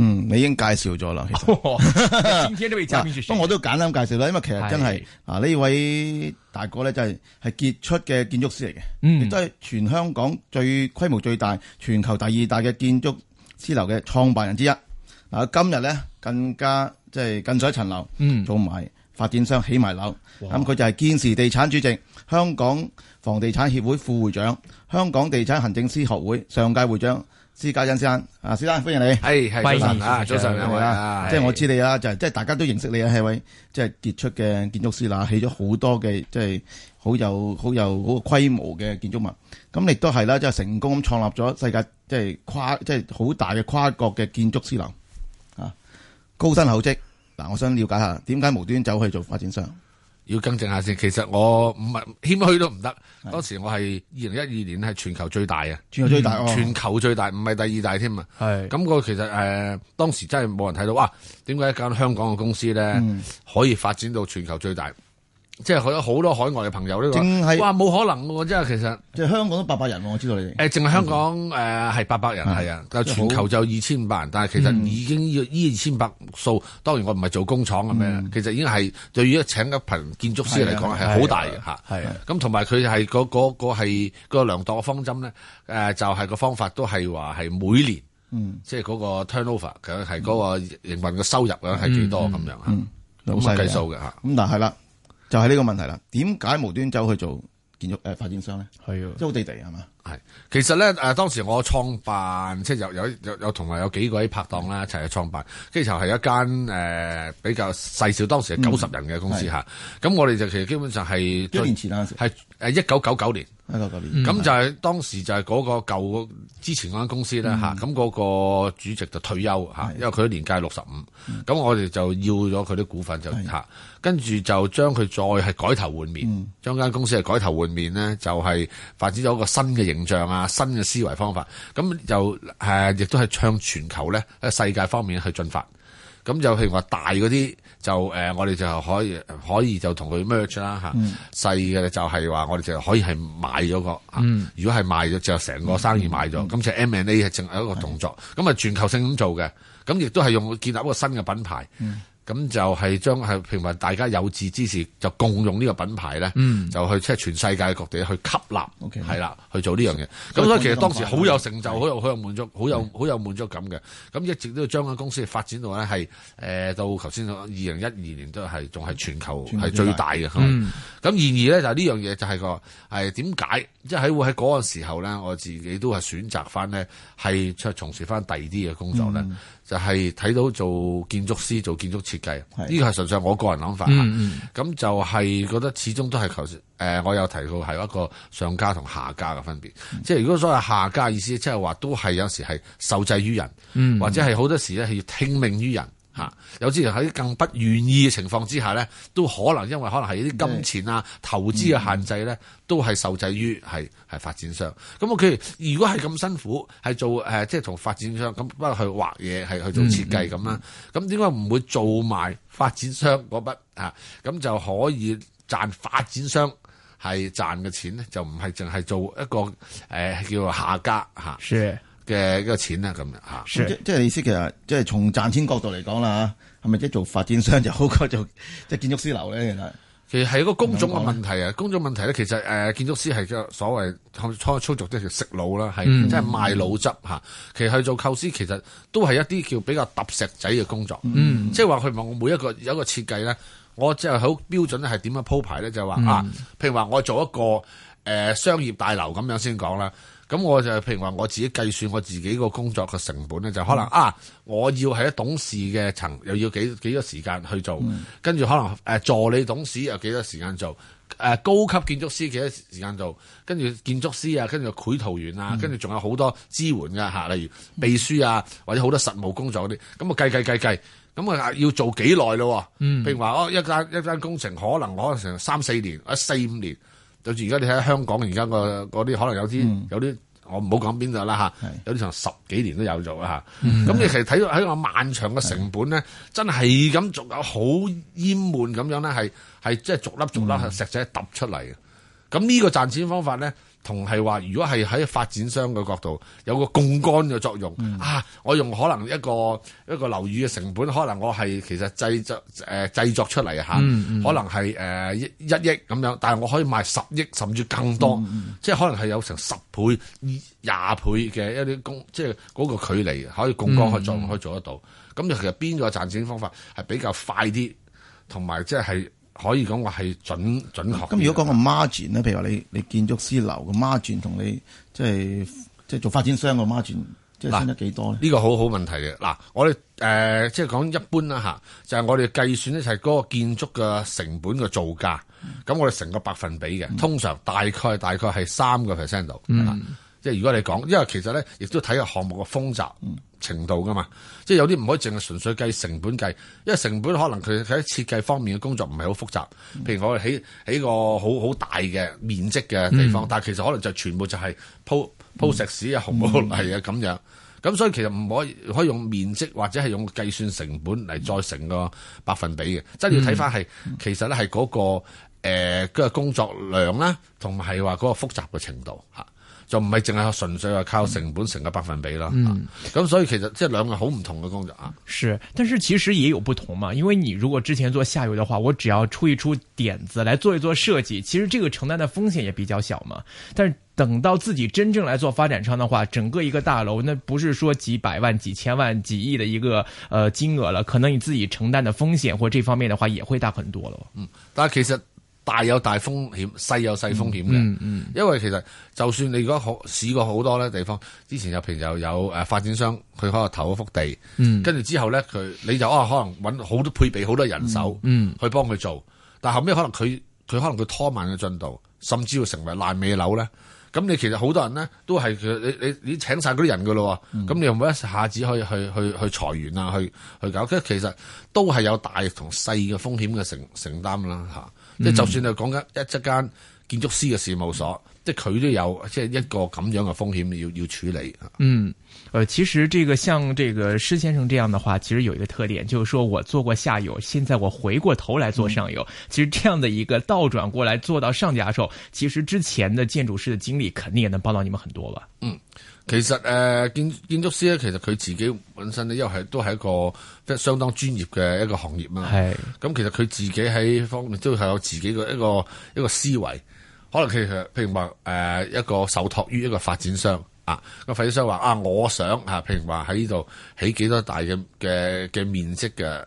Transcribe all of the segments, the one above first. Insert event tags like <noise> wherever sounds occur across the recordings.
嗯，你已經介紹咗啦，其實，哦、都 <laughs> 我都簡單介紹啦，因為其實真係啊呢位大哥咧、就是，就係係傑出嘅建築師嚟嘅，亦都係全香港最規模最大、全球第二大嘅建築師樓嘅創辦人之一。嗱，今日咧更加即係、就是、近水層樓，嗯，做埋發展商起埋樓，咁佢哇、嗯、就係建時地產主席、香港房地產協會副會長、香港地產行政師學會上屆會，會長。施家殷先生，啊，先生歡迎你，係係早晨上啊，早晨兩位啦，即係上我知你啦，是就即係大家都認識你啊，係位即係傑出嘅建築師啦，起咗好多嘅即係好有好有好規模嘅建築物，咁亦都係啦，即、就、係、是、成功咁創立咗世界即係、就是、跨即係好大嘅跨國嘅建築師樓啊，高薪厚職，嗱，我想了解下點解無端走去做發展商？要更正下先，其實我唔係謙虛都唔得。是的 當時我係二零一二年係係全，全球最大啊！全球最大，全球最大，唔係第二大添啊！咁是的 個其實誒、呃，當時真係冇人睇到哇！點解一間香港嘅公司咧，嗯、可以發展到全球最大？即係好多好多海外嘅朋友呢個，哇，冇可能喎！即係其實，即係香港都八百人，我知道你哋。誒，淨係香港誒係八百人係啊，但全球就二千五百人。但係其實已經呢呢二千百數，當然我唔係做工廠嘅咩，其實已經係對於請一群建築師嚟講係好大嘅。吓，係啊，咁同埋佢係嗰嗰個係嗰量度嘅方針咧，誒就係個方法都係話係每年，即係嗰個 turnover，佢係嗰個營運嘅收入咧係幾多咁樣咁計數嘅吓，咁但係啦。就係呢個問題啦，點解無端走去做建築誒、呃、發展商咧？係啊，好地地係嘛？係，其實咧，誒、啊，當時我創辦，即係有有有有同埋有幾個喺拍檔啦，一齊去創辦，跟住就係一間誒、呃，比較細小，當時係九十人嘅公司吓。咁、嗯啊、我哋就其實基本上係一年前啦，係誒一九九九年，一九九九年，咁就係當時就係嗰個舊之前嗰間公司咧吓，咁嗰、嗯啊那個主席就退休吓，嗯、因為佢年屆六十五，咁我哋就要咗佢啲股份就吓、嗯啊，跟住就將佢再係改頭換面，將間、嗯、公司係改頭換面呢，就係、是、發展咗一個新嘅形。形象啊，新嘅思維方法，咁就誒、呃，亦都係向全球咧，世界方面去進發。咁就譬如話大嗰啲就誒、呃，我哋就可以可以就同佢 merge 啦、啊、吓。細嘅、嗯、就係話我哋就可以係買咗個，啊嗯、如果係買咗就成個生意買咗，咁、嗯、就 M and A 係淨係一個動作。咁啊、嗯、全球性咁做嘅，咁亦都係用建立一個新嘅品牌。嗯咁就係將係平民，大家有志之士就共用呢個品牌咧，嗯、就去即係全世界各地去吸納，係啦 Okay.，去做呢樣嘢。咁所以其實當時好有成就，好的有好有滿足，好有好有滿足感嘅。咁的一直都將間公司發展到咧係誒到頭先二零一二年都係仲係全球係最大嘅。咁的然而咧就呢樣嘢就係個係點解即係會喺嗰個時候咧，我自己都係選擇翻咧係從事翻第二啲嘅工作咧。嗯就係睇到做建築師，做建築設計呢個係純粹我個人諗法嚇。咁的就係覺得始終都係求誒我有提到係一個上家同下家嘅分別，是的即係如果所謂下家意思是說，即係話都係有時係受制於人，是的或者係好多時咧係要聽命於人。啊！有啲人喺更不願意嘅情況之下咧，都可能因為可能係一啲金錢啊、對投資嘅限制咧，都係受制於係係發展商。咁我譬如，如果係咁辛苦，係做誒即係同發展商咁，不過去畫嘢係去做設計咁啦。咁點解唔會做埋發展商嗰筆啊？咁就可以賺發展商係賺嘅錢咧，就唔係淨係做一個誒、呃、叫做下家嚇。啊嘅一個錢啦咁樣嚇 Sure.，即即係意思其實即係從賺錢角度嚟講啦嚇，係咪即係做發展商就好過做即係建築師樓咧？其實是其實係一個工種嘅問題啊，工種問題咧，其實誒建築師係所謂操操作即係食腦啦，係即係賣腦汁嚇。其實去做構思其實都係一啲叫比較揼石仔嘅工作，mm. 即係話佢問我每一個有一個設計咧，我就好標準係點樣鋪排咧，就係、是、話、mm. 啊，譬如話我做一個誒、呃、商業大樓咁樣先講啦。咁我就譬如話，我自己計算我自己個工作嘅成本咧，就可能、嗯、啊，我要喺董事嘅層，又要幾幾多時間去做，跟住、嗯、可能誒助理董事又幾多時間做，誒高級建築師幾多時間做，跟住建築師啊，跟住繪圖員啊，跟住仲有好多支援嘅吓，例如秘書啊，或者好多實務工作嗰啲，咁啊計計計計，咁啊要做幾耐咯？嗯，譬如話哦，一間一間工程可能可能成三四年啊，四五年。4, 好似而家你喺香港，而家個嗰啲可能有啲有啲，我唔好講邊度啦嚇，有啲成十幾年都有做啦嚇。咁你其實睇到喺個漫長嘅成本咧，真係咁逐有好淹悶咁樣咧，係係即係逐粒逐粒石仔揼出嚟嘅。咁呢個賺錢方法咧。同係話，如果係喺發展商嘅角度，有個槓桿嘅作用、嗯、啊！我用可能一個一個樓宇嘅成本，可能我係其實製作誒、呃、製作出嚟嚇，嗯嗯、可能係誒一億咁樣，但係我可以賣十億甚至更多，嗯、即係可能係有成十倍、廿倍嘅一啲工，嗯、即係嗰個距離可以槓桿嘅作用，可以做得到。咁、嗯、其實邊個賺錢方法係比較快啲，同埋即係。可以講話係準準確。咁如果講個 margin 咧，譬如話你你建築師樓嘅 margin 同你即係即係做發展商嘅 margin，即係差得幾多呢？呢個好好問題嘅。嗱、嗯，我哋誒、呃、即係講一般啦吓，就係、是、我哋計算咧就係嗰個建築嘅成本嘅造價，咁我哋成個百分比嘅，通常大概大概係三個 percent 度。嗯。即係如果你講，因為其實咧，亦都睇個項目嘅複雜程度噶嘛。嗯、即係有啲唔可以淨係純粹計成本計，因為成本可能佢喺設計方面嘅工作唔係好複雜。譬如我哋喺喺個好好大嘅面積嘅地方，嗯、但其實可能就全部就係鋪、嗯、鋪石屎啊、紅毛泥啊咁樣。咁所以其實唔可以可以用面積或者係用計算成本嚟再成個百分比嘅，真係要睇翻係其實咧係嗰個誒、呃、工作量啦，同埋話話嗰個複雜嘅程度。就唔係淨係純粹係靠成本成個百分比啦。嗯。咁、啊、所以其實即係兩個好唔同嘅工作啊。是，但是其實也有不同嘛。因為你如果之前做下游的話，我只要出一出點子來做一做設計，其實這個承擔的風險也比較小嘛。但係等到自己真正來做發展商的話，整個一個大樓，那不是說幾百萬、幾千萬、幾億嘅一個呃金額了，可能你自己承擔的風險或者這方面嘅話，也會大很多咯。嗯，但係其實。大有大風險，細有細風險嘅、嗯。嗯，因為其實就算你如果可試過好多咧地方，之前入譬如又有誒發展商佢可能投一幅地，嗯，跟住之後咧佢你就啊可能揾好多配備，好多人手，嗯，去幫佢做。但後尾可能佢佢可能佢拖慢嘅進度，甚至會成為爛尾樓咧。咁你其實好多人咧都係你你你請晒嗰啲人噶咯，咁你唔冇一下子可以去去去，去裁員啊？去去搞？其實都係有大同細嘅風險嘅承承擔啦，嚇。即就算係講緊一間建築師嘅事務所，即係佢都有即係一個咁樣嘅風險要要處理。嗯，呃其實這個像這個施先生這樣的話，其實有一個特點就是說，我做過下游，現在我回過頭來做上游。嗯、其實這樣的一個倒轉過來做到上家的時候，其實之前的建築師的經歷肯定也能幫到你們很多吧。嗯。其實誒，建、呃、建築師咧，其實佢自己本身咧，因為係都係一個即係相當專業嘅一個行業嘛。係咁是，其實佢自己喺方面都係有自己嘅一個一個思維。可能佢譬如話誒、呃，一個受託於一個發展商啊，個發展商話啊，我想吓、啊，譬如話喺呢度起幾多大嘅嘅嘅面積嘅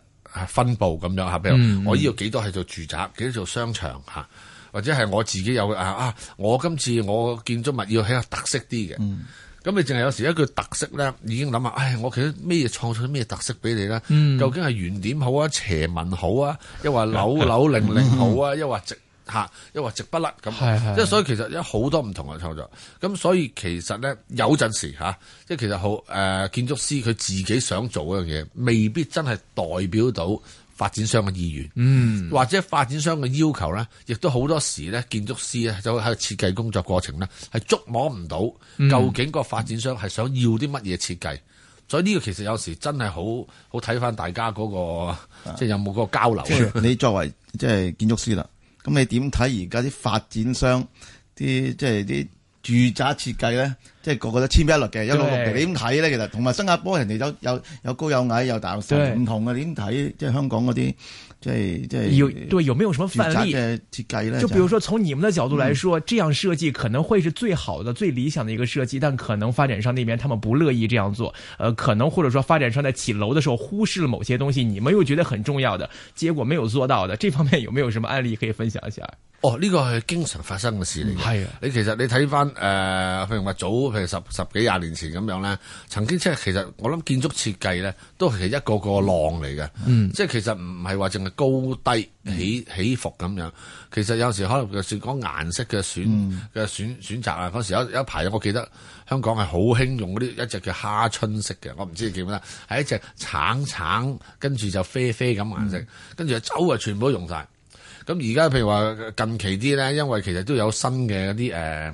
分布咁樣吓，譬如我呢度幾多係做住宅，幾、嗯、多是做商場吓、啊，或者係我自己有啊啊，我今次我建築物要起有特色啲嘅。嗯咁你淨係有時一句特色咧，已經諗下，唉，我其實咩嘢創造啲咩特色俾你咧？嗯、究竟係圓點好啊，斜紋好啊，又話扭扭擰擰好啊，又話、嗯、直吓，又、啊、話直不甩咁。即係是所以其實有好多唔同嘅創作。咁所以其實咧，有陣時嚇，即、啊、係其實好、呃、建築師佢自己想做一樣嘢，未必真係代表到。發展商嘅意願，嗯、或者發展商嘅要求咧，亦都好多時咧，建築師咧就喺度設計工作過程咧，係捉摸唔到究竟個發展商係想要啲乜嘢設計。嗯、所以呢個其實有時真係好好睇翻大家嗰、那個，即、就、係、是、有冇嗰個交流。啊就是、你作為即係建築師啦，咁 <laughs> 你點睇而家啲發展商啲即係啲？就是住宅設計咧，即係個個都千篇一律嘅，一路六期。點睇咧？其實同埋新加坡人哋，有有有高有矮，有大有細，唔對同嘅點睇？即係香港嗰啲。即係即係有對有沒有什麼範例？設計呢就比如說，從你們的角度來說，嗯、這樣設計可能會是最好的，最理想的一個設計，但可能發展商那邊他們不樂意這樣做。呃，可能或者說發展商在起樓的時候忽視了某些東西，你們又覺得很重要的，結果沒有做到的。這方面有沒有什麼案例可以分享一下？哦、呢，這個係經常發生嘅事嚟嘅。係、嗯、啊，你其實你睇翻誒，譬、呃、如話早譬如十十幾廿年前咁樣呢，曾經即係其實我諗建築設計呢，都係一個個浪嚟嘅。嗯，即係其實唔係話淨係。高低起起伏咁樣，其實有時可能嘅選講顏色嘅選嘅選選擇啊，嗰時有一一排，我記得香港係好興用嗰啲一隻叫蝦春色嘅，我唔知你叫咩啦，係一隻橙橙跟住就啡啡咁顏色，嗯、跟住就啊全部都用晒。咁而家譬如話近期啲咧，因為其實都有新嘅一啲誒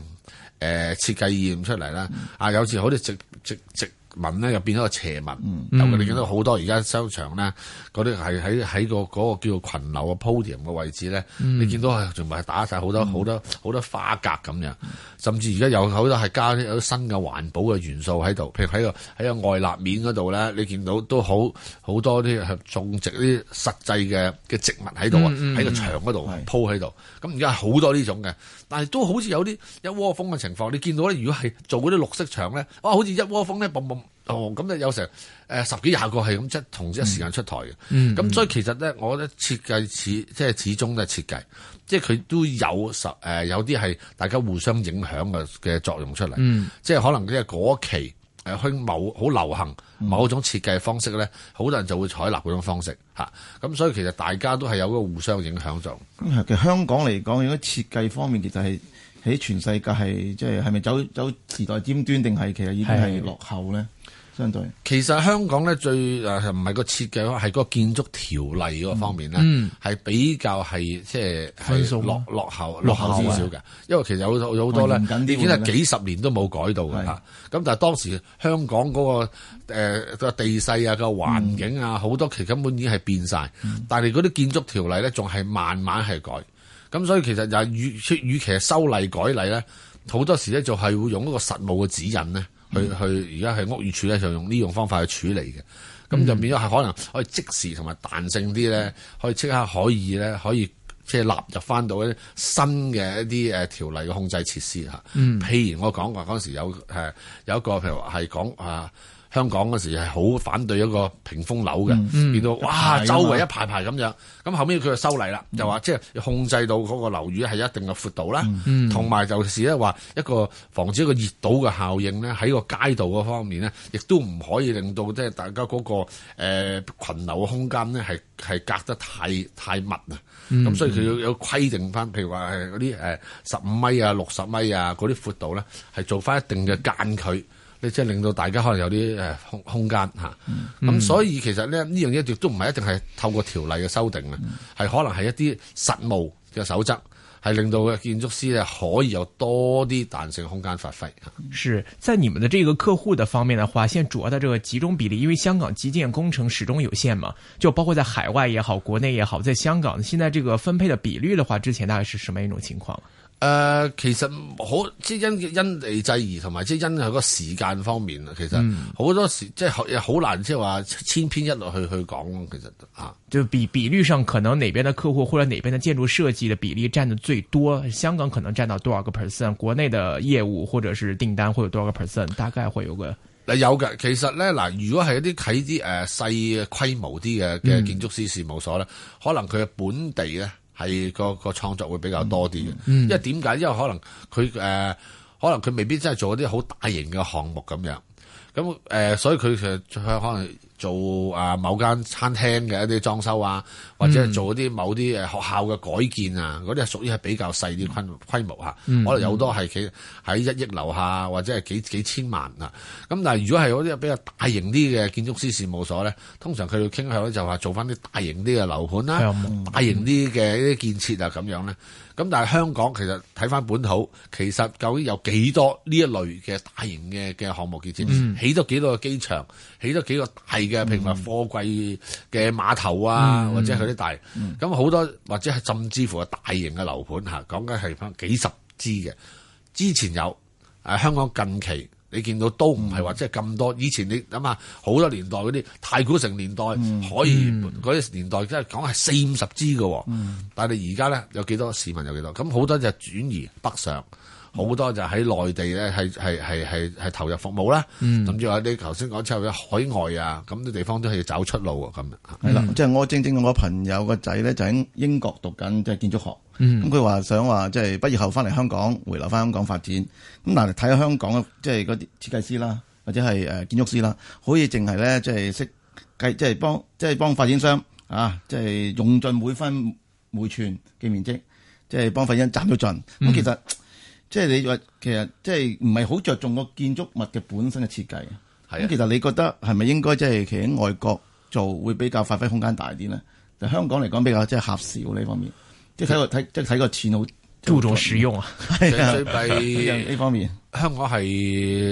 誒設計意念出嚟啦，啊、嗯、有時好似直直直。直直紋咧又變咗個斜紋，嗯、有我哋見到好多而家商場咧，嗰啲係喺喺個嗰、那個、叫做群樓嘅 podium 嘅位置咧，嗯、你見到全部係打曬好多好、嗯、多好多花格咁樣，甚至而家有好多係加啲有新嘅環保嘅元素喺度，譬如喺個喺個外立面嗰度咧，你見到都好好多啲種植啲實際嘅嘅植物喺度啊，喺、嗯、個牆嗰度鋪喺度，咁而家好多呢種嘅。但係都好似有啲一,一窩蜂嘅情況，你見到咧？如果係做嗰啲綠色牆咧，哇！好似一窩蜂咧，嘣咁，哦、有成誒十幾廿個係咁出同時一時間出台嘅。咁、嗯、所以其實咧，我覺得設計始即係始終都係設計，即係佢都有十誒有啲係大家互相影響嘅嘅作用出嚟，嗯、即係可能即係嗰期。誒去某好流行某種設計方式咧，嗯、好多人就會採納嗰種方式吓，咁所以其實大家都係有個互相影響咗。咁其實香港嚟講，如果設計方面其實係喺全世界係即係係咪走走時代尖端定係其實已經係落後咧？相對其實香港咧最誒唔係個設計咯，係個建築條例嗰方面咧，係、嗯、比較係即係落落後落後少少嘅。啊、因為其實有有好多咧，已經係幾十年都冇改到嘅吓。咁是但係當時香港嗰、嗰個誒個、呃、地勢啊個環境啊，好多其實根本已經係變晒，嗯、但係嗰啲建築條例咧仲係慢慢係改。咁、嗯、所以其實就係與其修例改例咧，好多時咧就係會用一個實務嘅指引咧。去去而家係屋宇署咧就用呢種方法去處理嘅，咁就變咗係可能可以即時同埋彈性啲咧，可以即刻可以咧，可以即係納入翻到一啲新嘅一啲呃條例嘅控制設施嚇。嗯、譬如我講話嗰陣時有、呃、有一個譬如話係講啊。呃香港嗰時係好反對一個屏風樓嘅，變、嗯、到哇，周圍一排排咁樣，咁、嗯、後尾佢就修例啦、嗯，就話即係控制到嗰個樓宇係一定嘅闊度啦，同埋、嗯、就係咧話一個防止一個熱島嘅效應咧，喺個街道嗰方面咧，亦都唔可以令到即係大家嗰、那個、呃、群羣樓嘅空間咧係係隔得太太密啊，咁、嗯、所以佢有，有規定翻，譬如話係嗰啲誒十五米啊、六十米啊嗰啲闊度咧，係做翻一定嘅間距。你即係令到大家可能有啲誒空空間嚇，咁、嗯、所以其實呢呢樣嘢都都唔係一定係透過條例嘅修訂啊，係、嗯、可能係一啲實務嘅守則，係令到嘅建築師咧可以有多啲彈性空間發揮嚇。是在你們的這個客戶的方面的話，現在主要的這個集中比例，因為香港基建工程始終有限嘛，就包括在海外也好，國內也好，在香港現在這個分配的比率的話，之前大概是什麼一種情況？誒、呃，其實好即係因因地制宜，同埋即係因佢個時間方面啊。其實好多時、嗯、即係好好難，即係話千篇一律去去講。其實啊，就比比率上，可能哪邊的客戶或者哪邊的建築設計的比例占得最多？香港可能占到多少個 percent？國內的業務或者是訂單會有多少個 percent？大概會有個嗱、嗯、有嘅。其實咧嗱，如果係一啲睇啲誒細規模啲嘅嘅建築師事務所咧，嗯、可能佢嘅本地咧。係嗰個創作會比較多啲嘅，嗯、因為點解？因為可能佢、呃、可能佢未必真係做嗰啲好大型嘅項目咁樣，咁、呃、所以佢其實佢可能，做啊某間餐廳嘅一啲裝修啊，或者係做一啲某啲學校嘅改建啊，嗰啲係屬於係比較細啲規模嚇，可能、嗯、有好多係企喺一億樓下，或者係幾幾千萬啊。咁但係如果係嗰啲比較大型啲嘅建築師事務所咧，通常佢要傾向咧就話做翻啲大型啲嘅樓盤啦，嗯、大型啲嘅一啲建設啊咁樣咧。咁但係香港其實睇翻本土，其實究竟有幾多呢一類嘅大型嘅嘅項目、嗯、建設，起多幾多個機場，起多幾個大嘅，譬如話貨櫃嘅碼頭啊，嗯、或者佢啲大，咁好、嗯、多或者係甚至乎大型嘅樓盤，講緊係翻幾十支嘅，之前有，誒香港近期。你見到都唔係話即係咁多，以前你諗下，好多年代嗰啲太古城年代、嗯、可以嗰啲年代，即係講係四五十支㗎喎，嗯、但係而家咧有幾多市民，有幾多？咁好多就轉移北上。好多就喺內地咧，係係係係係投入服務啦。咁仲有你頭先講之後嘅海外啊，咁啲地方都係要找出路啊。咁啦即係我正正我朋友個仔咧，就喺英國讀緊即係建築學。咁佢話想話即係畢業後翻嚟香港回流翻香港發展。咁嗱，睇下香港即係嗰啲設計師啦，或者係誒建築師啦，可以淨係咧即係識計，即係幫即係幫發展商啊，即係用盡每分每寸嘅面積，即係幫發展商賺到盡。咁，嗯，其實。即係你話其實即係唔係好着重個建築物嘅本身嘅設計啊？係啊的。其實你覺得係咪應該即係企喺外國做會比較發揮空間大啲咧？就香港嚟講比較即係狹小呢方面，即係睇個睇即係睇個錢好注重使用啊。係啊的，呢方面香港係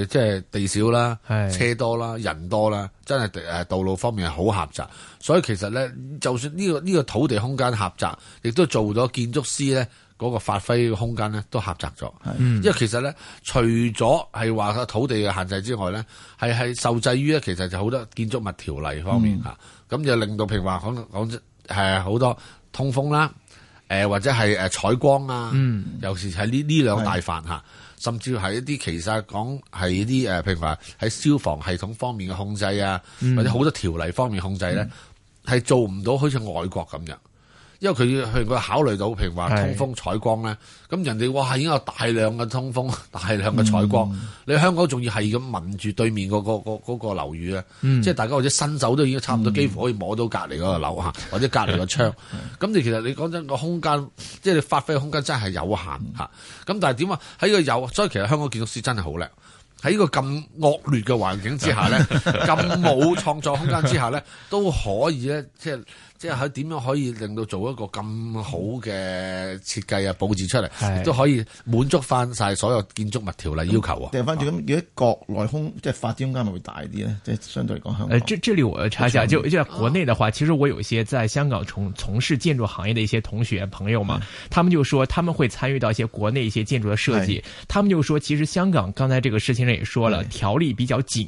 即係地少啦， <laughs> 車多啦，的人多啦，真係誒道路方面係好狹窄，所以其實咧，就算呢個呢個土地空間狹窄，亦都做咗建築師咧。嗰個發揮嘅空間咧都狹窄咗，的嗯、因為其實咧除咗係話個土地嘅限制之外咧，係係受制於咧，其實就好多建築物條例方面吓，咁就令到平話可能講係好多通風啦，誒、呃、或者係誒採光啊，有、嗯、其係呢呢兩大範吓，是的 甚至係一啲其實講係啲誒平話喺消防系統方面嘅控制啊，嗯、或者好多條例方面控制咧，係、嗯、做唔到好似外國咁樣。因為佢佢佢考慮到譬如話通風採光咧，咁是人哋哇已經有大量嘅通風，大量嘅採光，嗯、你香港仲要係咁聞住對面嗰、嗰個嗰個樓宇咧，嗯、即係大家或者伸手都已經差唔多，幾乎可以摸到隔離嗰個樓、嗯、或者隔離個窗，咁 <laughs> 你其實你講真個空間，即、就、係、是、你發揮嘅空間真係有限嚇。咁、嗯、但係點啊？喺呢個有，所以其實香港建築師真係好叻，喺呢個咁惡劣嘅環境之下咧，咁冇 <laughs> 創作空間之下咧，都可以咧，即即係佢點樣可以令到做一個咁好嘅設計啊佈置出嚟，亦都可以滿足翻晒所有建築物條例要求喎。調翻轉咁，如果國內空即係發展空間咪會大啲咧？即、就、係、是、相對嚟講喺。誒、呃，即這,這裡我要查一下，就就在國內嘅話，啊、其實我有一些在香港從從事建築行業嘅一些同學朋友嘛，是他們就說他們會參與到一些國內一些建築嘅設計，是他們就說其實香港，剛才這個施先生也説了，條是例比較緊。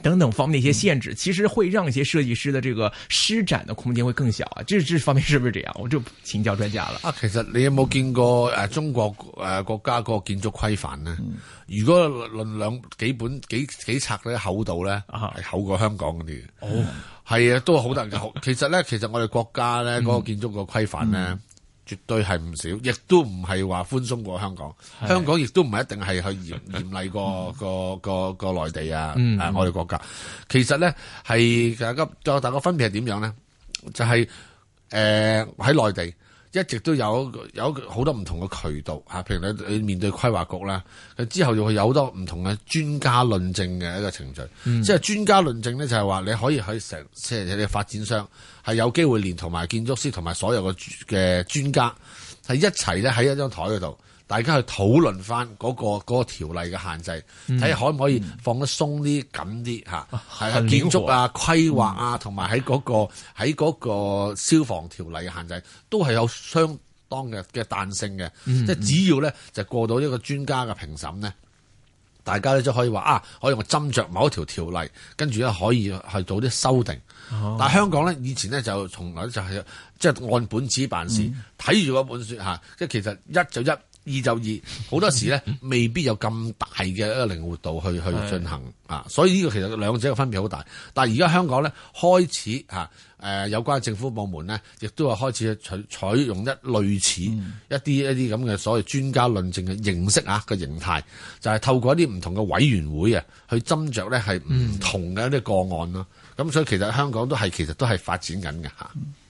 等等方面一些限制，嗯、其實會讓一些設計師的這個施展的空間會更小啊。這這方面是不是這樣？我就請教專家了啊。其實你有冇見過誒、嗯呃、中國誒、呃、國家嗰個建築規範呢？嗯、如果論兩幾本幾幾，幾冊咧厚度咧，係、啊、厚過香港嗰啲哦，係啊，都好大嘅。 <laughs> 其實咧，其實我哋國家咧嗰、嗯、個建築個規範咧。嗯嗯絕對係唔少，亦都唔係話寬鬆過香港。是香港亦都唔一定係去嚴 <laughs> 嚴厲過個個個內地啊，嗯、啊我哋國家其實咧係，其實再大，大家分別係點樣咧？就係誒喺內地。一直都有有好多唔同嘅渠道吓，譬如你你面對規劃局啦，佢之後就會有好多唔同嘅專家論證嘅一個程序，嗯、即係專家論證咧就係話你可以喺成即係啲發展商係有機會連同埋建築師同埋所有嘅嘅專家係一齊咧喺一張台嗰度，大家去討論翻、嗰、嗰個條、嗰個、條例嘅限制，睇下、嗯、可唔可以放得鬆啲、嗯、緊啲吓係啊建築啊，啊規劃啊，同埋喺嗰個喺嗰個消防條例嘅限制都係有相當嘅嘅彈性嘅，嗯、即係只要咧就過到一個專家嘅評審咧，大家咧就可以話啊，可以用斟酌某一條條例，跟住咧可以去做啲修訂。哦、但係香港咧以前咧就從來就係即係按本子辦事，睇住嗰本書嚇，即係其實一就一。二就二，好多時咧未必有咁大嘅一個靈活度去去進行啊。的所以呢個其實兩者嘅分別好大。但係而家香港咧開始嚇有關政府部門咧，亦都係開始採用一類似一啲一啲咁嘅所謂專家論證嘅形式啊嘅、嗯、形態，就係、是、透過一啲唔同嘅委員會啊，去斟酌咧係唔同嘅一啲個案咯。咁、嗯、所以其實香港都係其實都係發展緊嘅。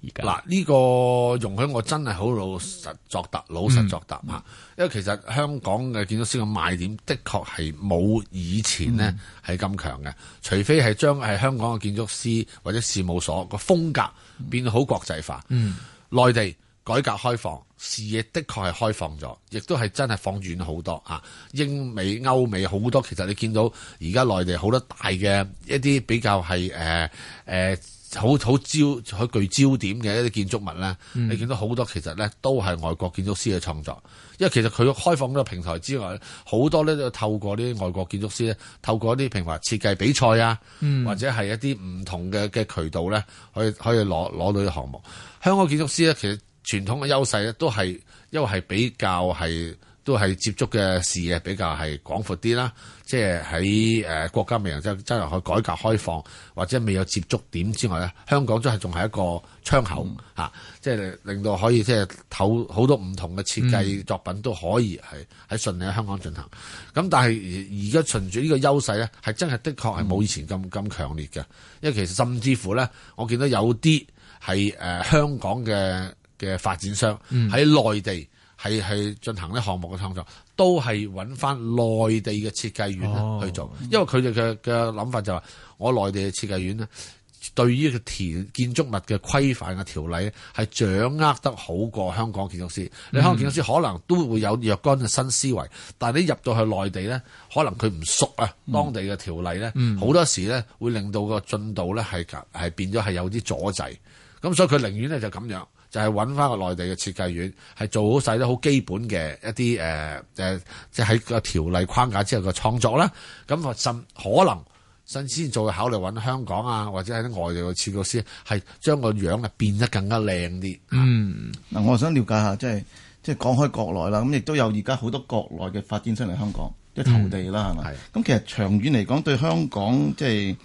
嗱，呢個容許我真係好老實作答，老實作答、嗯、因為其實香港嘅建築師嘅賣點，的確係冇以前呢係咁強嘅，嗯、除非係將係香港嘅建築師或者事務所個風格變好國際化。嗯，內地改革開放，視野的確係開放咗，亦都係真係放遠好多、啊、英美歐美好多，其實你見到而家內地好多大嘅一啲比較係誒、呃呃好好焦好具焦點嘅一啲建築物咧，嗯、你見到好多其實咧都係外國建築師嘅創作，因為其實佢開放咗個平台之外，好多咧都透過啲外國建築師咧，透過啲平滑設計比賽啊，或者係一啲唔同嘅嘅渠道咧，可以可以攞攞到啲項目。香港建築師咧，其實傳統嘅優勢咧，都係因為係比較係。都係接觸嘅視野比較係廣闊啲啦，即係喺誒國家未有真真即係去改革開放或者未有接觸點之外咧，香港都係仲係一個窗口，即係、嗯啊就是、令到可以即係唞好多唔同嘅設計作品都可以係喺順利喺香港進行。咁、嗯、但係而家循住呢個優勢咧，係真係的，的確係冇以前咁咁、嗯、強烈嘅，因為其實甚至乎咧，我見到有啲係誒香港嘅嘅發展商喺內地。係係進行呢項目嘅創作，都係揾翻內地嘅設計院去做，哦、因為佢哋嘅嘅諗法就話、是，我內地嘅設計院呢對於嘅田建築物嘅規範嘅條例，係掌握得好過香港建築師。你、嗯、香港建築師可能都會有若干嘅新思維，但係你入到去內地咧，可能佢唔熟啊，當地嘅條例咧，好、嗯嗯、多時咧會令到個進度咧係係變咗係有啲阻滯，咁所以佢寧願咧就咁樣。就係揾翻個內地嘅設計院，係做好曬啲好基本嘅一啲誒誒，即係喺個條例框架之下嘅創作啦。咁甚可能，甚至再考慮揾香港啊，或者喺啲外地嘅設計師，係將個樣啊變得更加靚啲。嗯，嗱、嗯，我想了解下，即係即係講開國內啦，咁亦都有而家好多國內嘅發展商嚟香港即係、就是、投地啦，係嘛、嗯？係。咁其實長遠嚟講，對香港即係。就是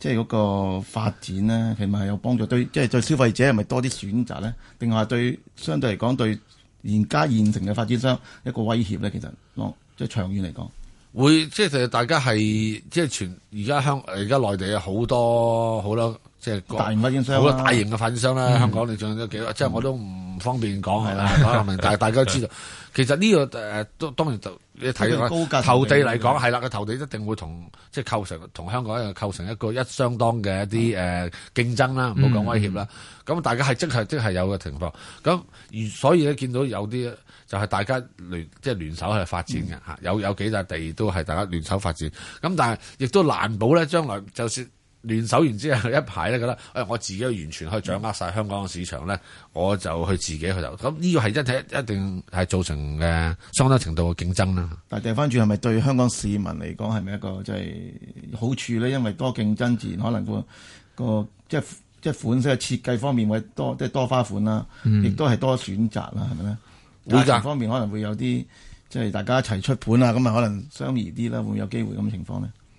即係嗰個發展呢，起碼係有幫助？對，即係對消費者係咪多啲選擇呢？定係對相對嚟講對而家現成嘅發展商一個威脅呢？其實，即係長遠嚟講，會即係大家係即係全而家香而家內地有好多好多即係大型發展商、啊，好多大型嘅發展商啦、啊。嗯、香港你仲有幾多？嗯、即係我都唔。方便講係啦，大 <laughs> 大家都知道，其實呢、呢個誒，當當然就你睇投地嚟講係啦，個投地一定會同即係構成同香港一樣構成一個一個相當嘅一啲誒、呃、競爭啦，唔好講威脅啦。咁、嗯、大家係即係即係有個情況，咁所以咧見到有啲就係大家聯即係、就係、聯手喺度發展嘅嚇、嗯，有有幾笪地都係大家聯手發展。咁但係亦都難保咧，將來就算。聯手完之後一排咧，覺得、哎、我自己完全可以掌握晒香港嘅市場咧，我就去自己去投。咁呢個係一睇一定係造成嘅相當程度嘅競爭啦。但係掉返轉係咪對香港市民嚟講係咪一個即係、就是、好處咧？因為多競爭，自然可能個個即係即係款式嘅設計方面會多，即係多花款啦，亦都係多選擇啦，係咪咧？價錢方面可能會有啲即係大家一齊出盤啊，咁啊可能相宜啲啦，會唔會有機會咁嘅情況咧？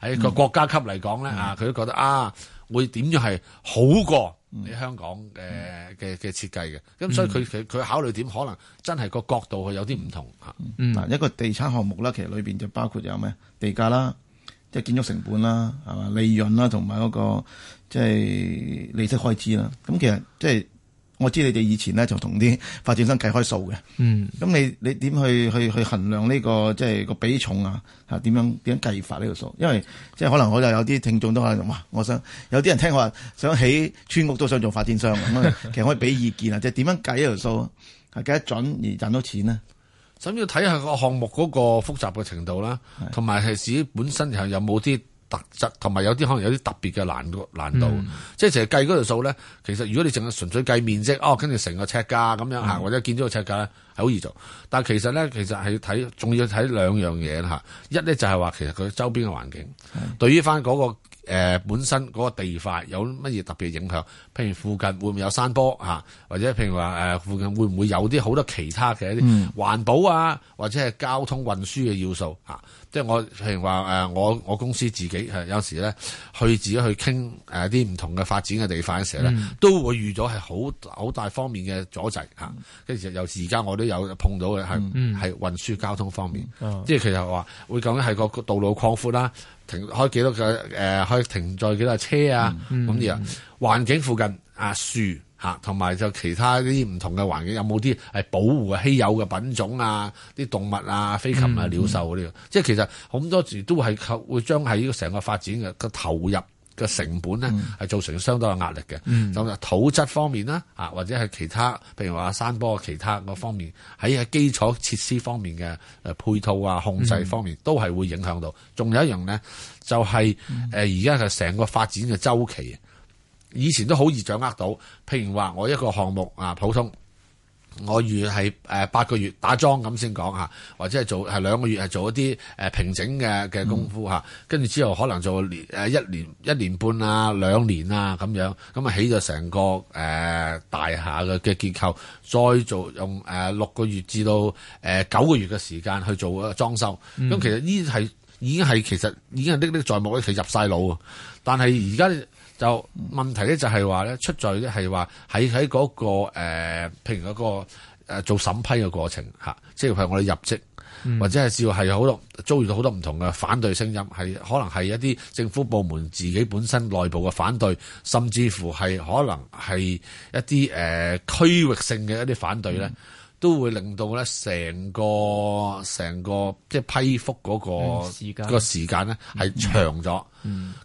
喺個國家級嚟講咧，嗯、啊佢都覺得啊會點樣係好過你香港嘅嘅嘅設計嘅，咁所以佢佢佢考慮點可能真係個角度係有啲唔同吓。嗱、嗯，嗯、一個地產項目咧，其實裏邊就包括有咩地價啦，即係建築成本啦，係嘛利潤啦，同埋嗰個即係利息開支啦。咁其實即係。我知你哋以前咧就同啲發展商計開數嘅，嗯，咁你你點去去去衡量呢、這個即係個比重啊？吓點樣點樣計法呢條數？因為即係可能我就有啲聽眾都可能哇，我想有啲人聽我話想起村屋都想做發展商咁啊，嗯、其實可以俾意見啊， <laughs> 即係點樣計呢條數係計得準而賺到錢呢？首先要睇下個項目嗰個複雜嘅程度啦，同埋係自己本身係有冇啲。特質同埋有啲可能有啲特別嘅難難度，嗯、即係成日計嗰條數咧。其實如果你淨係純粹計面積，哦，跟住成個尺價咁樣嚇，嗯、或者見咗個尺價咧，係好易做。但係其實咧，其實係要睇，仲要睇兩樣嘢嚇。一咧就係話其實佢周邊嘅環境，是對於翻、那、嗰個。誒，本身嗰個地塊有乜嘢特別影響？譬如附近會唔會有山坡吓，或者譬如話誒，附近會唔會有啲好多其他嘅一啲環保啊，或者係交通運輸嘅要素吓？即係我譬如話誒，我我公司自己係有時咧去自己去傾誒啲唔同嘅發展嘅地塊嘅時候咧，嗯、都會遇咗係好好大方面嘅阻滯吓。跟住又而家我都有碰到嘅係係運輸交通方面，即係其實話會究竟係個道路擴闊啦。停開幾多個誒？開、呃、停載幾多架車啊？咁、嗯嗯、樣環境附近啊樹吓，同埋就其他啲唔同嘅環境有冇啲係保護稀有嘅品種啊？啲動物啊、飛禽啊、鳥獸嗰啲，即係、嗯嗯、其實好多時都係會將喺呢個成個發展嘅個投入。嘅成本咧，係造成相當嘅壓力嘅。咁啊、嗯，土質方面啦，啊或者係其他，譬如話山坡嘅其他嗰方面，喺基礎設施方面嘅誒配套啊、控制方面、嗯、都係會影響到。仲有一樣咧，就係誒而家就成個發展嘅周期，以前都好易掌握到。譬如話，我一個項目啊，普通。我預係八個月打樁咁先講嚇，或者係做係兩個月係做一啲平整嘅嘅功夫，跟住、嗯、之後可能做年一年一年半啊，兩年啊咁樣，咁啊起咗成個、呃、大廈嘅嘅結構，再做用六、呃、個月至到九、呃、個月嘅時間去做裝修，咁、嗯、其實呢係已經係其實已經係歷歷在目一係入晒腦，但係而家，嗯就問題咧，就係話咧出在咧係話喺喺嗰個、呃、譬如嗰、那個、呃、做審批嘅過程、啊、即係譬如我哋入職，嗯、或者係照係好多遭遇到好多唔同嘅反對聲音，係可能係一啲政府部門自己本身內部嘅反對，甚至乎係可能係一啲誒區域性嘅一啲反對咧。嗯都會令到咧，成個成個即係批覆嗰個個時間咧，係長咗。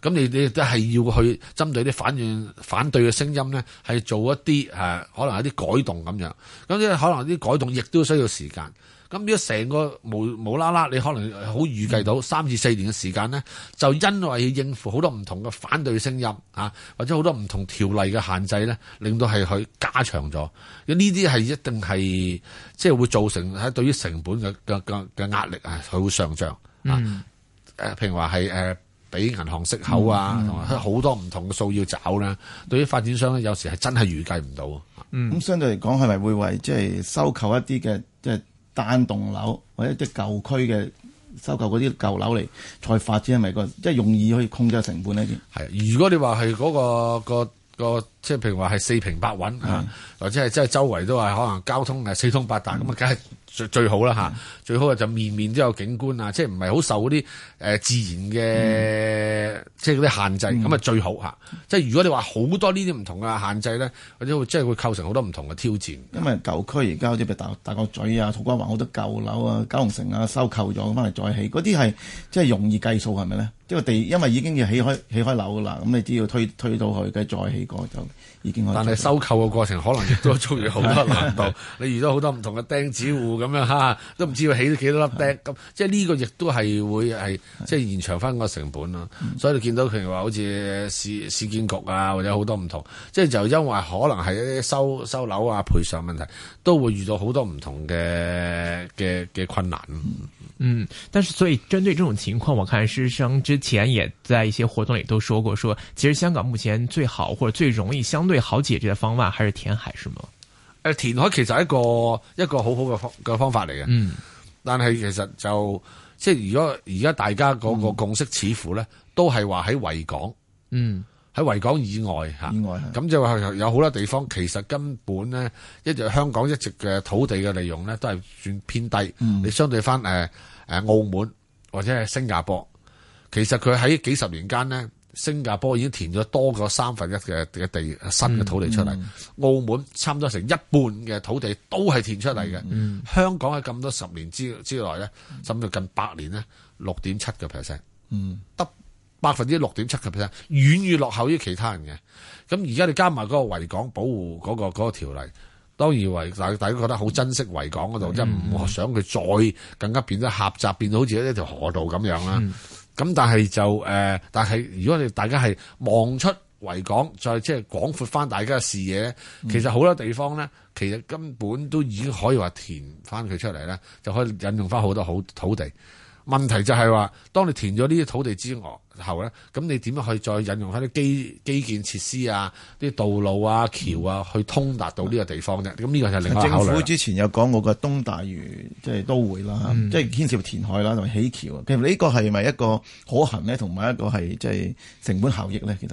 咁你你都係要去針對啲反反對嘅聲音咧，係做一啲誒，可能一啲改動咁樣。咁即係可能啲改動亦都需要時間。咁如果成個無無啦啦，你可能好預計到三至四年嘅時間呢，就因為要應付好多唔同嘅反對聲音啊，或者好多唔同條例嘅限制呢，令到係佢加長咗。咁呢啲係一定係即係會造成喺對於成本嘅嘅嘅嘅壓力啊，佢會上漲啊。誒、嗯，譬如話係誒，俾、呃、銀行息口啊，嗯、同埋好多唔同嘅數要找啦，對於發展商呢，有時係真係預計唔到。咁、嗯、相對嚟講，係咪會為即係、即係、收購一啲嘅即係單棟樓或者啲舊區嘅收購嗰啲舊樓嚟再發展，係咪個即係容易可以控制成本呢啲。係，如果你話係嗰個、嗰個即係、嗰個，譬如話係四平八穩啊，係，或者係即係周圍都係可能交通係四通八達咁啊，梗係。最好啦吓，最好就面面都有景觀啊，即係唔係好受嗰啲自然嘅、嗯，即係嗰啲限制咁啊，最好即係如果你話好多呢啲唔同嘅限制咧，或者會即係會構成好多唔同嘅挑戰。因為舊區而家好似譬如大角咀啊、土瓜灣好多舊樓啊、九龍城啊收購咗，咁翻嚟再起嗰啲係即係容易計數係咪咧？即係地因為已經要起開起開樓啦，咁你只要推推到去再起過就已經可以。但係收購嘅過程可能亦都遭遇好多難度， <laughs> 你遇到好多唔同嘅釘子戶。咁樣吓，都唔知佢起咗幾多粒釘，咁即係呢個亦都係會係即係延長翻個成本咯。嗯、所以你見到譬如話好似市市建局啊，或者好多唔同，即係、嗯、就因為可能係收收樓啊賠償問題，都會遇到好多唔同嘅嘅嘅困難。嗯，但是，所以針對這種情況，我看施生之前也在一些活動裏都說過說，說其實香港目前最好或者最容易相對好解決嘅方法，還是填海，是嗎？誒，填海其實係一個一個很好好嘅方嘅方法嚟嘅，嗯、但係其實就即係如果而家大家嗰個共識似乎咧，嗯、都係話喺維港，喺維、嗯、港以外吓，咁就話有好多地方、嗯、其實根本咧，一直香港一直嘅土地嘅利用咧都係算偏低，你、嗯、相對翻誒誒澳門或者係新加坡，其實佢喺幾十年間咧。新加坡已經填咗多過三分一嘅地新嘅土地出嚟，嗯嗯、澳門差唔多成一半嘅土地都係填出嚟嘅。嗯、香港喺咁多十年之之內咧，嗯、甚至近百年咧，六點七個 percent，得百分之六點七嘅 percent，遠遠落後於其他人嘅。咁而家你加埋嗰個維港保護嗰個嗰個條例，當然維大大家覺得好珍惜維港嗰度，即係唔想佢再更加變得狹窄，變到好似一條河道咁樣啦。嗯咁但係就誒、呃，但係如果你大家係望出維港，再即係廣闊翻大家嘅視野，嗯、其實好多地方咧，其實根本都已經可以話填翻佢出嚟咧，就可以引用翻好多好土地。問題就係話，當你填咗呢啲土地之外後咧，咁你點樣去再引用翻啲基基建設施啊、啲道路啊、橋啊，去通達到呢個地方啫？咁呢、嗯、個就係另政府之前有講過嘅東大嶼，即係都會啦，即係、嗯、牽涉填海啦，同埋起橋。譬如呢個係咪一個可行呢？同埋一個係即係成本效益呢？其實。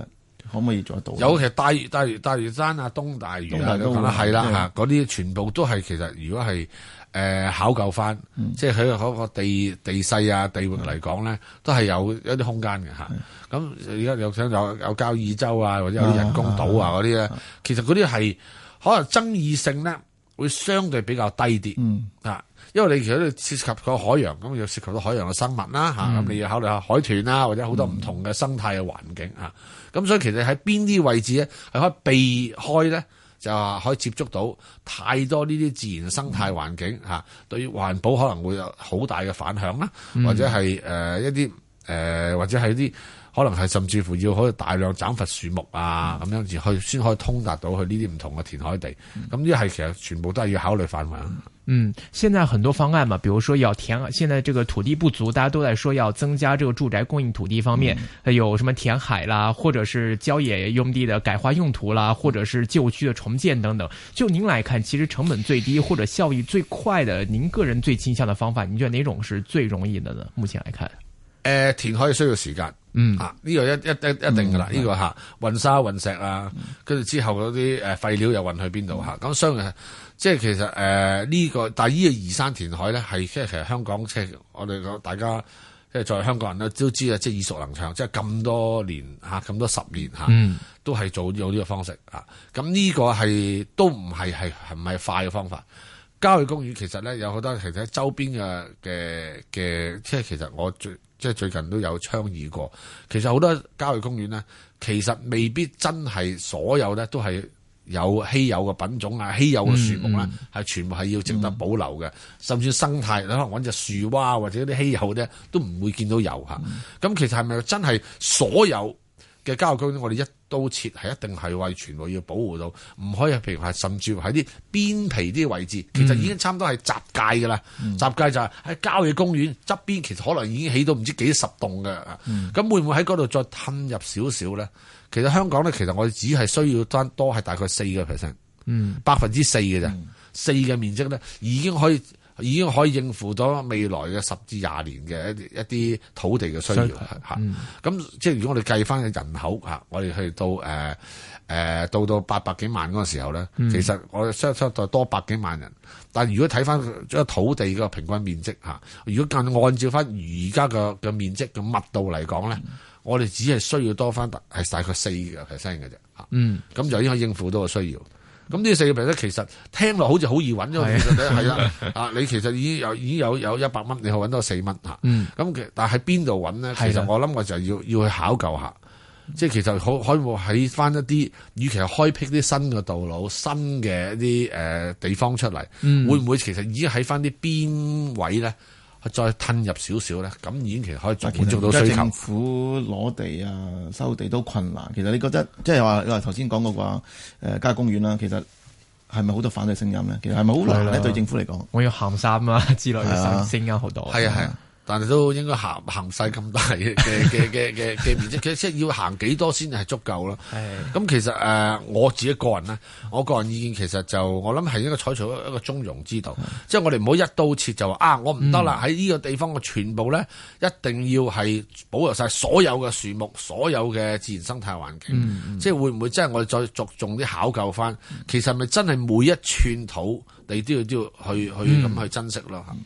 可唔可以做到？有其實大嶼、大嶼、大嶼山啊，東大嶼啊咁啦，係啦吓，嗰啲、啊、全部都係，其實如果係誒、呃、考究翻，嗯、即係佢嗰個地地勢啊、地域，嚟講咧，都係有一啲空間嘅吓。咁而家又想有有，有交椅洲啊，或者有啲人工島啊嗰啲咧，其實嗰啲係可能爭議性咧會相對比較低啲、嗯、啊，因為你其實都涉及個海洋，咁要涉及到海洋嘅生物啦、啊、吓、咁、嗯啊、你要考慮下海豚啦、啊，或者好多唔同嘅生態嘅環境吓、啊。咁所以其實喺邊啲位置咧，係可以避開咧，就可以接觸到太多呢啲自然生態環境，對於環保可能會有好大嘅反響啦，或者係誒一啲誒、呃，或者係啲。可能係甚至乎要可以大量斬伐樹木啊，咁、嗯、樣子去先可以通達到去呢啲唔同嘅填海地。咁呢係其實全部都係要考慮範圍。嗯，現在很多方案嘛，比如說要填，現在這個土地不足，大家都在說要增加這個住宅供應土地方面，嗯、有什麼填海啦，或者是郊野用地的改劃用途啦，或者是舊區的重建等等。就您來看，其實成本最低或者效益最快的，您個人最傾向的方法，你覺得哪種是最容易的呢？目前來看，誒、呃，填海需要時間。嗯啊，呢、這個一一一一定㗎喇，呢、嗯這個吓運沙運石啊，跟住、啊、之後嗰啲誒廢料又運去邊度吓？咁、啊、雖然即係其實誒呢、呃這個，但係呢個移山填海咧，係即係其實香港即係我哋講大家即係作為香港人咧都知道啊，即係耳熟能詳，即係咁多年吓，咁多十年吓，啊嗯、都係做咗呢個方式吓。咁、啊、呢個係都唔係係係唔係快嘅方法。郊野公園其實咧有好多，其實喺周邊嘅嘅嘅，即係其實我最。即係最近都有倡議過，其實好多郊野公園呢，其實未必真係所有呢都係有稀有嘅品種啊、稀有嘅樹木啦，係、嗯、全部係要值得保留嘅。嗯、甚至生態，你可能搵隻樹蛙或者啲稀有咧，都唔會見到有嚇。咁、嗯、其實係咪真係所有？嘅郊野區呢，我哋一刀切係一定係為全部要保護到，唔可以譬如話甚至乎喺啲邊皮啲位置，嗯、其實已經差唔多係閘界噶啦。閘、嗯、界就係喺郊野公園側邊，其實可能已經起到唔知幾十棟㗎。咁、嗯、會唔會喺嗰度再吞入少少咧？其實香港咧，其實我哋只係需要翻多係大概四個 percent，百分之四嘅啫，四嘅面積咧已經可以。已經可以應付到未來嘅十至廿年嘅一一啲土地嘅需要嚇。咁、嗯、即係如果我哋計翻嘅人口嚇，我哋去到誒誒、呃、到到八百幾萬嗰個時候咧，嗯、其實我哋相差多百幾萬人。但係如果睇翻即土地嘅平均面積嚇，如果按按照翻而家嘅嘅面積嘅密度嚟講咧，我哋只係需要多翻係大概四個 percent 嘅啫嚇。嗯，咁就已經可以應付到個需要。咁呢四個 percent 其實聽落好似好易揾咗，其實咧係啦，啊你其實已經有已經有有一百蚊，你去揾多四蚊嚇。咁其、嗯、但係邊度揾咧？的其實我諗我就要要去考究一下，嗯、即係其實可可喺翻一啲，與其開闢啲新嘅道路、新嘅一啲誒地方出嚟，嗯、會唔會其實已經喺翻啲邊位咧，再吞入少少咧？咁已經其實可以滿足到需求。政府攞地啊！收地都困難，其實你覺得即係話，頭先講嗰個誒加公園啦，其實係咪好多反對聲音咧？其實係咪好難咧？的對政府嚟講，我要行衫啊之類嘅聲音好多，係啊係啊。嗯但係都應該行行曬咁大嘅嘅嘅嘅嘅面積其實即係要行幾多先係足夠咯。咁 <laughs> 其實誒、呃、我自己個人呢，我個人意見其實就我諗係應該採取一個中庸之道，是的 即係我哋唔好一刀切就話啊，我唔得啦！喺呢、嗯、個地方嘅全部咧，一定要係保留晒所有嘅樹木、所有嘅自然生態環境。嗯、即係會唔會即係我哋再着重啲考究翻，其實係咪真係每一寸土你都要都要去去咁去，去珍惜咯？嗯嗯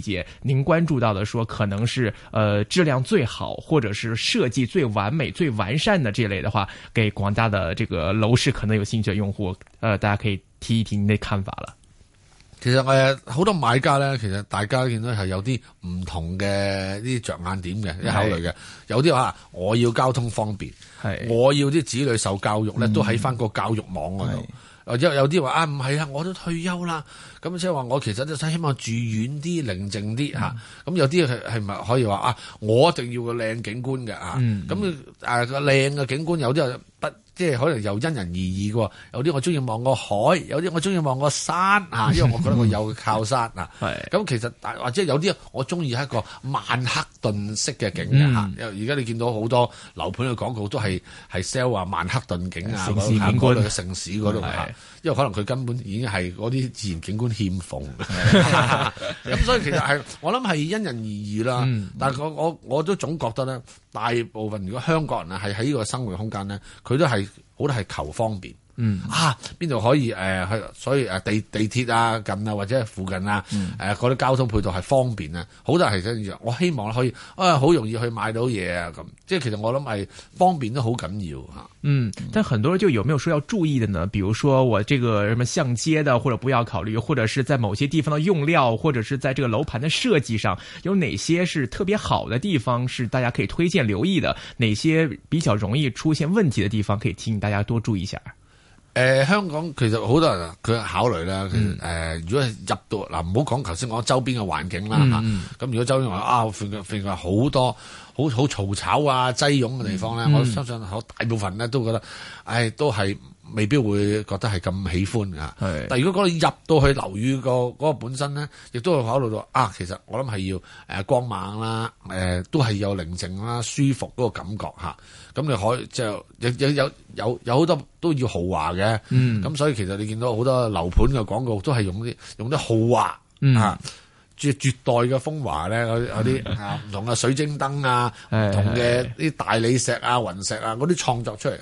姐，您關注到的說可能是，呃，質量最好，或者是設計最完美、最完善的這類的話，給廣大的這個樓市可能有興趣的用戶，呃，大家可以提一提您的看法啦。其實誒，好、呃、多買家呢，其實大家見到係有啲唔同嘅呢啲着眼點嘅，一考慮嘅，有啲話我要交通方便，係是我要啲子女受教育咧、嗯、都喺翻個教育網嗰度是，有啲話啊唔係啊，我都退休啦。咁即係話我其實都希希望住遠啲、寧靜啲吓，咁、嗯啊、有啲係係咪可以話啊？我一定要一個靚景觀嘅嚇。咁個靚嘅景觀有啲不即係可能又因人而異嘅，有啲我中意望個海，有啲我中意望個山啊，因為我覺得我有靠山嗱。咁、嗯嗯啊、其實或者、啊、有啲我中意一個曼克頓式嘅景嘅吓。而家你見到好多樓盤嘅廣告都係係 sell 話曼克頓景啊，城市景觀、啊那個、城市嗰度是、啊、因為可能佢根本已經係啲自然景觀。欠奉，咁所以其實係，我諗係因人而異啦、嗯但，但係我我我都總覺得咧，大部分如果香港人啊，係喺呢個生活空間咧，佢都係，好係求方便。嗯啊，邊度可以誒去、呃？所以地地鐵啊近啊，或者附近啊，誒嗰啲交通配套係方便啊，好多人係想，我希望可以啊好、哎、容易去買到嘢啊咁。即係其實我諗係方便都好緊要吓嗯，但很多人就有沒有說要注意的呢？比如說我這個什麼向街的，或者不要考慮，或者是在某些地方的用料，或者是在這個樓盤的設計上，有哪些是特別好的地方是大家可以推薦留意的？哪些比較容易出現問題的地方可以提醒大家多注意一下？誒、呃，香港其實好多人佢考慮啦誒，如果入到嗱，唔好講頭先講周邊嘅環境啦吓，咁、嗯嗯、如果周邊環境，好多好好嘈吵啊、擠擁嘅地方咧，嗯、我相信好大部分咧都覺得，誒，都係未必會覺得係咁喜歡噶的但係如果講你入到去樓宇個嗰個本身咧，亦都會考慮到啊，其實我諗係要誒光猛啦，誒、呃、都係有寧靜啦、舒服嗰個感覺吓。咁你可以即係有有有好多都要豪華嘅，咁、嗯、所以其實你見到好多樓盤嘅廣告都係用啲用啲豪華、嗯、啊，絕代嘅風華咧，嗰啲啊唔同嘅水晶燈啊，的同嘅啲大理石啊、雲石啊嗰啲創作出嚟，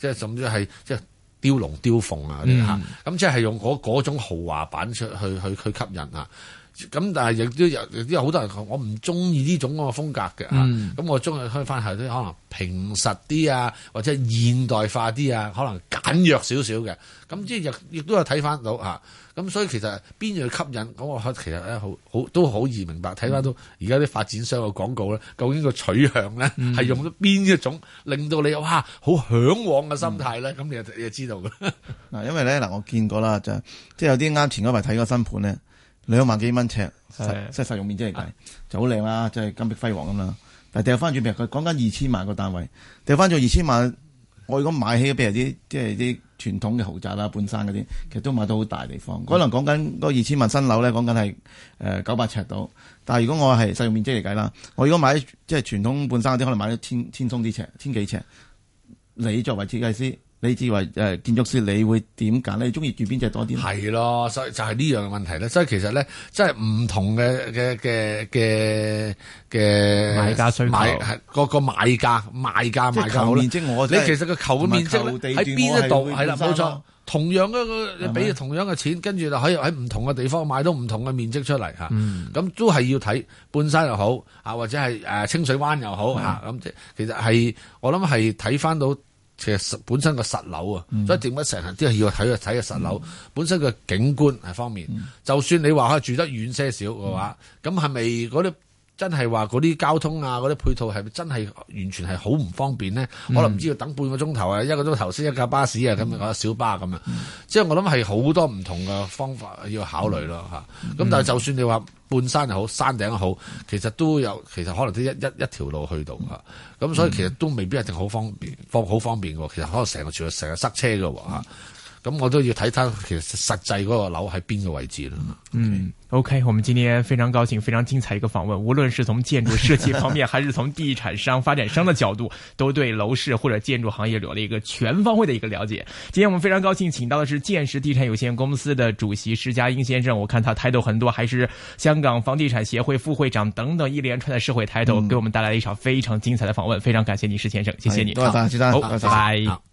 即係甚至係即係雕龍雕鳳啊嗰啲，咁即係用嗰嗰種豪華版出去去去吸引啊。咁但係亦都有有好多人，我唔中意呢種咁嘅風格嘅。咁、嗯嗯、我中意開翻係啲可能平實啲啊，或者現代化啲啊，可能簡約少少嘅，咁即係亦亦都有睇翻到嚇。咁所以其實邊樣吸引，咁我其實咧好好都好易明白，睇翻到而家啲發展商嘅廣告咧，究竟個取向咧係用咗邊一種令，令到你有哇好向往嘅心態咧，咁、嗯、你就你知道㗎！嗱，因為咧嗱，我見過啦，就即係有啲啱前嗰排睇個新盤咧。兩萬幾蚊尺，即係實用面積嚟計就好靚啦，即係金碧輝煌咁啦。但係掉翻轉，譬如佢講緊二千萬個單位，掉翻做二千萬，我如果買起譬如啲即係啲傳統嘅豪宅啦、半山嗰啲，其實都買到好大地方。可能講緊嗰二千萬新樓咧，講緊係誒九百尺度。但係如果我係實用面積嚟計啦，我如果買即係傳統半山嗰啲，可能買咗千千鬆啲尺，千幾尺。你作為設計師？你知為誒，建築師，你會你點揀？你中意住邊隻多啲？係咯，所以就係呢樣問題咧。所以其實咧，即係唔同嘅嘅嘅嘅嘅買價需求，係係個買價、賣價、賣面積，我你其實個球嘅面積喺邊一度係啦，冇錯。同樣一個，你俾同樣嘅錢，跟住就可以喺唔同嘅地方買到唔同嘅面積出嚟吓。咁、嗯、都係要睇半山又好啊，或者係誒清水灣又好吓。咁、嗯、其實係我諗係睇翻到。其實本身個實樓啊，嗯、所以點解成日都係要睇啊？睇個實樓、嗯、本身個景觀係方面，嗯、就算你話佢住得遠些少嘅話，咁係咪嗰啲？真係話嗰啲交通啊，嗰啲配套係咪真係完全係好唔方便呢？嗯、可能唔知要等半個鐘頭啊，一個鐘頭先一架巴士啊，咁啊、嗯、小巴咁樣、嗯、即係我諗係好多唔同嘅方法要考慮咯、啊、咁、嗯、但係就算你話半山又好，山頂又好，其實都有其實可能都一一一條路去到嚇。咁、啊、所以其實都未必一定好方便，好、嗯、方便嘅、啊，其實可能成個全成日塞車㗎喎、啊。嗯.咁我都要睇睇，其實實際嗰個樓喺邊個位置了。嗯，嗯，OK，我們今天非常高興，非常精彩一個訪問。無論是從建築設計方面， <laughs> 還是從地產商、發展商的角度，都對樓市或者建築行業有了一個全方位的一個了解。今天我們非常高興請到的是建時地產有限公司的主席施家殷先生。我看他 title 很多，還是香港房地產協會副會長等等一連串的社會 title、嗯、給我們帶來了一場非常精彩的訪問。非常感謝你，施先生，謝謝你。多謝，好，拜拜。